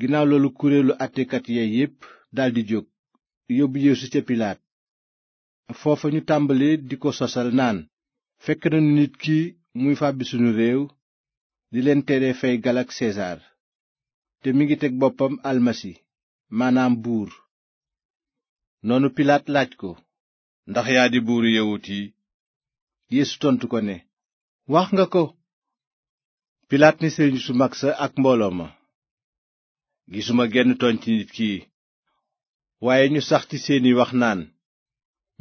ginnaaw loolu kuréelu àttekat ya yépp daldi jóg yóbbu yeesu ca pilaat foofa ñu tàmbali di ko sosal naan fekk nañu nit ki muy fàbbi sunu réew di leen tere fay galak sesaar te mi ngi teg boppam almasi maanaam buur noonu pilaat laaj ko ndax yaa di buuru yawut yi yeesu tontu ko ne wax nga ko pilaat ni sëriñ su mag sa ak mbooloo ma gisuma genn ton ci nit ki waaye ñu sax ci seeni wax naan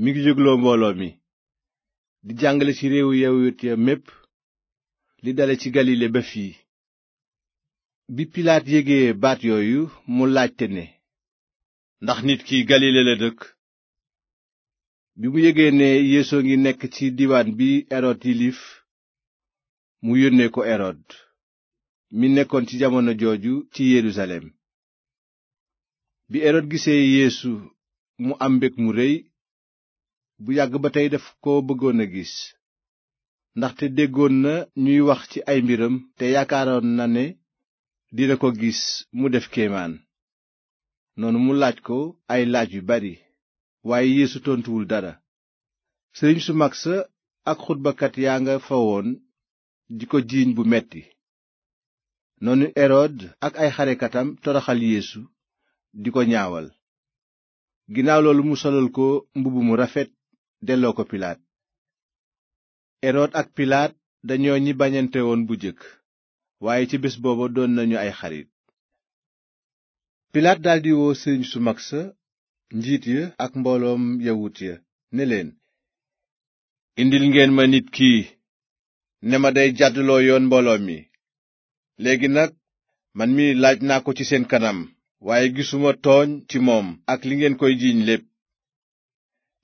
mi ngi jógloo mbooloo mi di jàngale ci réewu yawut ya mépp li dale ci galile ba fii bi pilaat yégee baat yooyu mu laajte ne ndax nit ki galile la dëkk bi mu yégee ne ngi nekk ci diwaan bi erod mu yónnee ko erod mi nekkoon ci jamono jooju ci yerusalem bi erod gisee yéesu mu am mbég mu rëy bu yàgg ba tey daf ko bëggoon a gis ndaxte déggoon na ñuy wax ci ay mbiram te yaakaaroon na ne dina ko gis mu def kéemaan noonu mu laaj ko ay laaj yu bari waaye yeesu tontuwul dara sëriñ su mag sa ak xutbakat yaa nga fa woon di ko jiiñ bu metti noonu erod ak ay xarekatam toroxal yeesu di ko ñaawal ginnaaw loolu mu solal ko mbubb mu rafet delloo ko pilaat erod ak pilaat dañoo ñi bañante bu jëkk waaye ci bés booba doon nañu ay xarit pilaat daldi woo sëriñ su mag sa njiit ya ak mbooloom yawut ya ne leen indil ngeen ma nit kii ne ma day jàdduloo yoon mbooloo mi léegi nag man mi laaj naa ko ci seen kanam waaye gisuma tooñ ci moom ak li ngeen koy jiiñ lépp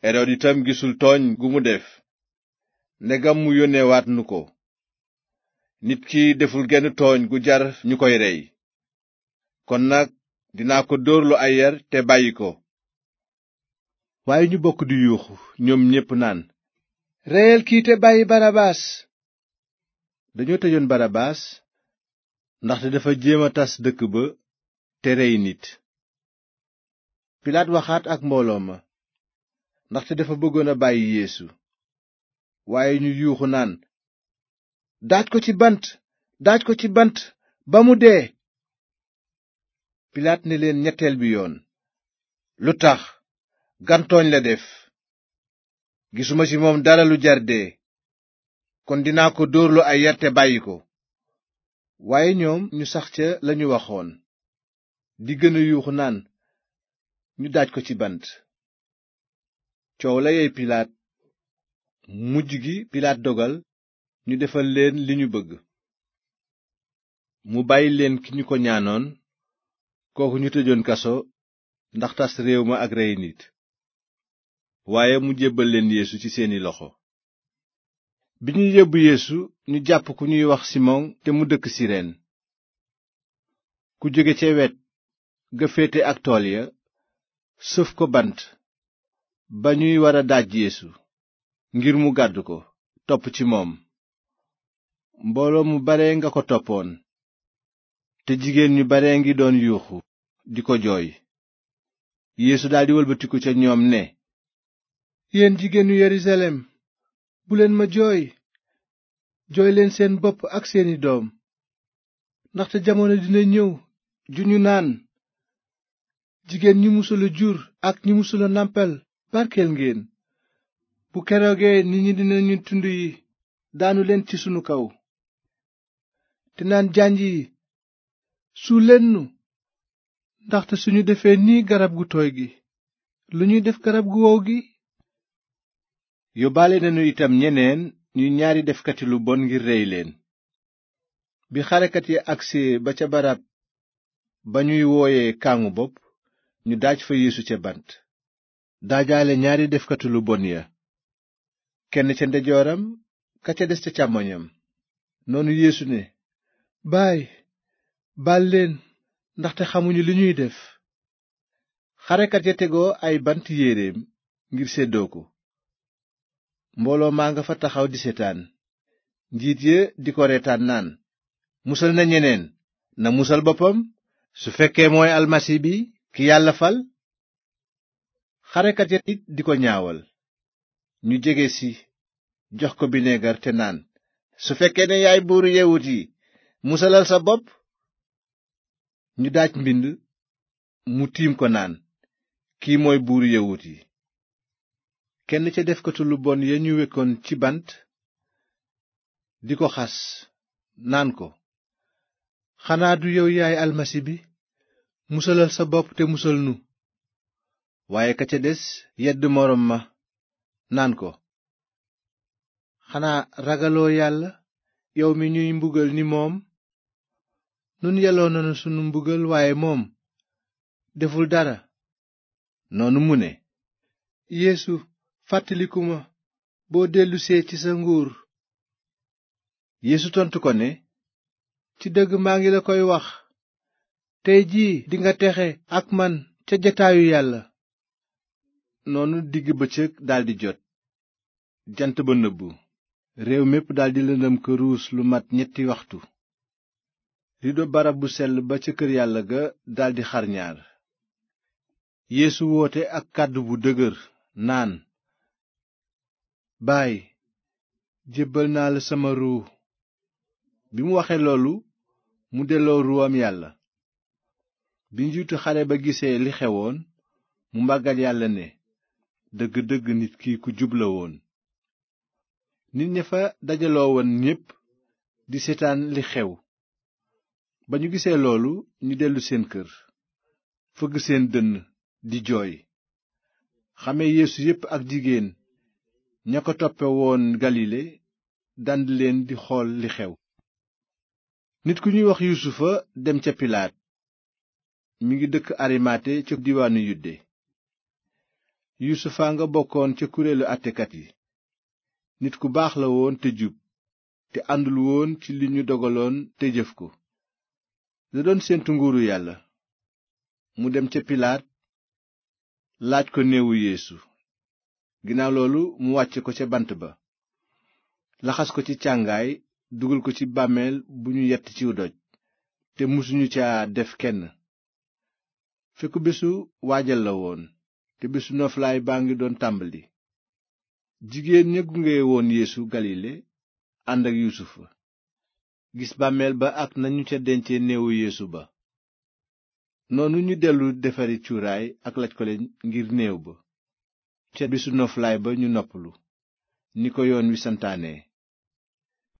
erod itam gisul tooñ gu mu def ndegam mu yónneewaat nu ko nit ki deful genn tooñ gu jar ñu koy rey kon nag dinaa ko dóorlu ay yar te bàyyi ko waaye ñu bokk di yuuxu ñoom ñépp naan reyal kii te bàyyi dañoo tëjoon barabaas ndaxte dafa jéem a tas dëkk ba te rey nit pilaat waxaat ak mbooloo ma ndaxte dafa bëggoon a bàyyi yeesu waaye ñu yuuxu naan daaj ko ci bant daaj ko ci bant ba mu dee pilaat ne leen ñetteel bi yoon lu tax gantooñ la def gisuma ci moom dara lu jar dee kon dinaa ko dóorlu ay yar te bàyyi ko waaye ñoom ñu sax ca lañu waxoon di gën a yuuxu naan ñu daaj ko ci bant coow la yey pilaat mujj gi pilaat dogal ñu defal leen li ñu bëgg mu bàyyi leen ki ñu ko ñaanoon kooku ñu tëjoon kaso ndax tas réew ma ak rey nit waaye mu jébbal leen yeesu ci seeni loxo bi ñu yóbbu yéesu ñu jàpp ku ñuy wax simon te mu dëkk sireen ku jóge ca wet ga féete ak tool ya sëf ko bant ba ñuy war a daaj ngir mu gàdd ko topp ci moom mbooloo mu bare nga ko toppoon te jigéen ñu bare ngi doon yuuxu di ko jooy yéesu daldi wëlbatiku ca ñoom ne yéen jigéenu yerusalem buleen ma jooy jooy leen seen bopp ak seeni doom ndaxte jamono dina ñëw ju ñu naan jigéen ñi musula jur ak ñi musula nàmpal barkeel ngeen bu keroogee nit ñi dinañu tund yi daanu leen ci sunu kaw te naan jànj yi su leen nu ndaxte suñu defee nii garab gu tooy gi lu ñuy def garab gu wow gi yóbbaale nañu itam ñeneen ñu ñaari defkati lu bon ngir rey leen bi xarekat yi agsee ba ca barab ba ñuy wooye kàngu bopp ñu daaj fa yeesu ca bant daajaale ñaari defkati lu bon ya kenn ca ndeyjooram ka ca des ca càmmoñam noonu yéesu ne baay baal leen ndaxte xamuñu li ñuy def xarekat ya tegoo ay bant yéreem ngir seddoo ko mbooloo maa nga fa taxaw di seetaan njiit yi di ko reetaan naan musal na ñeneen na musal boppam su fekkee mooy almasi bi ki yàlla fal xarekat ya it di ko ñaawal ñu jege si jox ko bineegar te naan su fekkee ne yaay buuru yewut yi musalal sa bopp ñu daaj mbind mu tiim ko naan kii mooy buuru yewut yi kenn ca defkatu lu bon ya ñu wekkoon ci bant di ko xas naan ko xanaa du yow yaay almasi bi musalal sa bopp te musal nu waaye ka ca des yedd moroom ma naan ko xanaa ragaloo yàlla yow mi ñuy mbugal ni moom nun yelloo nanu sunu mbugal waaye moom deful dara noonu mu ne fàttalikuma boo dellusee ci sa nguur yéesu tontu ko ne ci dëgg maa ngi la koy wax tey jii dinga texe ak man ca jataayu yàlla noonu digg ba bëccëg daldi jot jant ba nëbbu réew mépp daldi lëndëm këruus lu mat ñetti waxtu rido barab bu sell ba ca kër yàlla ga daldi xar yéesu woote ak kàddu bu dëgër naan baay jébbal naa la sama ruu bi mu waxee loolu mu delloo ruuwam yàlla bi njiitu xare ba gisee li xewoon mu màggal yàlla ne dëgg dëgg nit ki ku jub woon nit ña fa dajaloo woon ñépp di seetaan li xew ba ñu gisee loolu ñu dellu seen kër fëgg seen dënn di jooy xame yéesu yépp ak jigéen ña ko toppe woon galile dànd leen di xool li xew nit ku ñuy wax yuusufa dem ca pilaat mu ngi dëkk arimaate ca diwaanu yudde yuusufa nga bokkoon ca kuréelu àttekat yi nit ku baax la woon te jub te àndul woon ci li ñu dogaloon te jëf ko da doon séentu nguuru yàlla mu dem ca pilaat laaj ko néewu yeesu ginnaaw loolu mu wàcc ko ca bant ba laxas ko ci càngaay dugal ko ci bàmmeel bu ñu yett ci doj te musuñu ca def kenn fekku bésu waajal la woon te bésu noflaay baa ngi doon tàmbali jigéen ña gunge woon yeesu galile ànd ak yuusufa gis bàmmeel ba ak nañu ca dence néewu yéesu ba noonu ñu dellu defari cuuraay ak laj ngir néew ba ca bisu noflaay ba ñu noppalu ni ko yoon wi santaane